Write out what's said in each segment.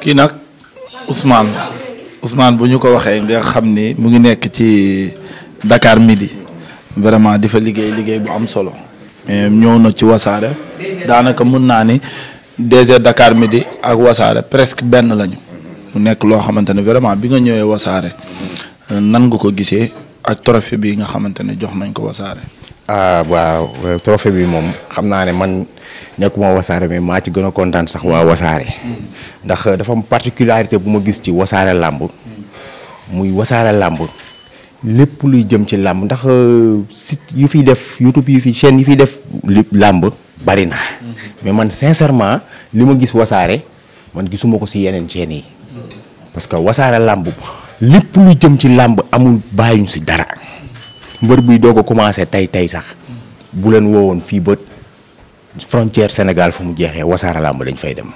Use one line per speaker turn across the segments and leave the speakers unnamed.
kii nag Ousmane Ousmane bu ñu ko waxee nga xam ni mu ngi nekk ci Dakar midi vraiment di fa liggéey liggéey bu am solo. ñëw na ci wasaare daanaka mun naa ni DG Dakar midi ak wasaare presque benn lañu. mu nekk loo xamante ne vraiment bi nga ñëwee wasaare nan nga ko gisee. ak trophée bi nga xamante ne jox nañ ko wasaare.
ah waaw euh, trophée bi moom xam naa ne man nekkuma wasaare mais maa ci gën a kontaan sax waa wasaare. ndax dafa am particularité bu ma gis ci wasaare làmb. muy wasaare làmb. lépp luy jëm ci làmb ndax euh, site yu fiy def YouTube yu fi chaîne yu fiy def làmb bari na. mais man sincèrement li ma gis wasaare man gisuma ko si yeneen chaîne yi. parce que wasaare làmb. lépp lu jëm ci làmb amul bàyyiñu si dara mbër buy doog a commencé tey tey sax bu leen woowoon fii bët frontière senegal fu mu jeexee wasaara làmb dañ fay dem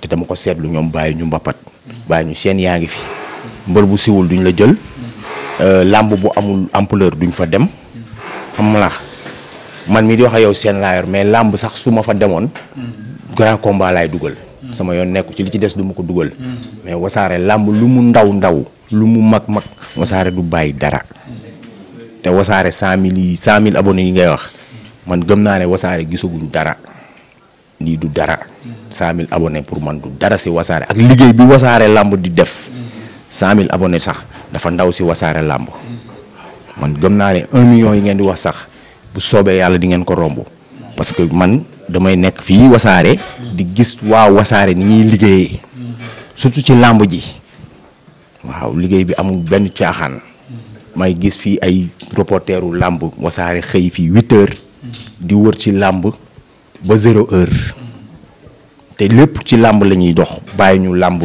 te dama ko seetlu ñoom bàyyi ñu mbappat bàyyi ñu seen yaa ngi fi mbër bu siwul duñ la jël euh, làmb bu amul ampleur duñ fa dem xam la man mi di wax ak yow seen laa mais làmb sax su ma fa demoon grand combat laay dugal sama yoon nekku ci li ci des du ma ko dugal. mais wasaare làmb lu mu ndaw ndaw lu mu mag mag wasaare du bàyyi dara. te wasaare cent mille yi cent mille abone yi ngay wax man gëm naa ne wasaare gisaguñ dara lii du dara cent mille abonnés pour man du dara si wasaare ak liggéey bi wasaare làmb di def cent mille abonnés sax dafa ndaw si wasaare làmb man gëm naa ne un million yi ngeen di wax sax bu soobee yàlla di ngeen ko romb. parce que man damay nekk fii wasaare. di gis waa wasaare ni ñuy liggéeyee. surtout ci làmb ji. waaw liggéey bi amul benn caaxaan. may gis fii ay reporteru làmb wasaare xëy fii huit di wër ci làmb ba zéro heure. te lépp ci làmb la ñuy dox bàyyi ñu làmb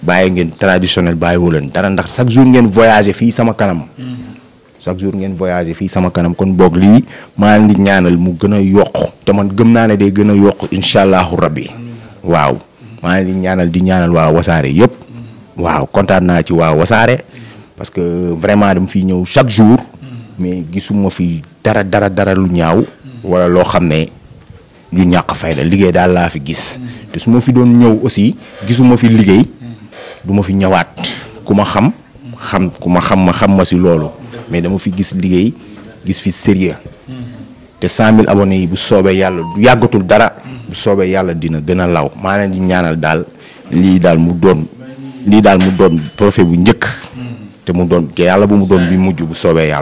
bàyyi ngeen traditionnel bàyyi wu dara ndax chaque jour ngeen voyager fii sama kanam. chaque jour ngeen voyagé fii sama kanam kon boog lii maa ngi ñaanal mu gën a yokk te man gëm naa ne day gën a yokk incha allahu rabbi waaw maa ngi ñaanal di ñaanal waa wasaare yëpp waaw kontaan naa ci waa wasaare parce que vraiment dama fi ñëw chaque jour mais gisuma fi dara dara dara lu ñaaw wala loo xam ne lu ñàkk fayda liggéey daal laa fi gis te su ma fi doon ñëw aussi gisuma fi liggéey du ma fi ñëwaat ku ma xam xam ku ma xam ma xam ma si loolu mais dama fi gis liggéey gis fi sérieux te cent mille abonnés yi bu soobee yàlla yàggatul dara bu soobee yàlla dina gën a law maa leen di ñaanal daal lii daal mu
doon lii daal mu doon profit bu njëkk te mu doon yàlla bu mu doon bi mujj bu soobee yàlla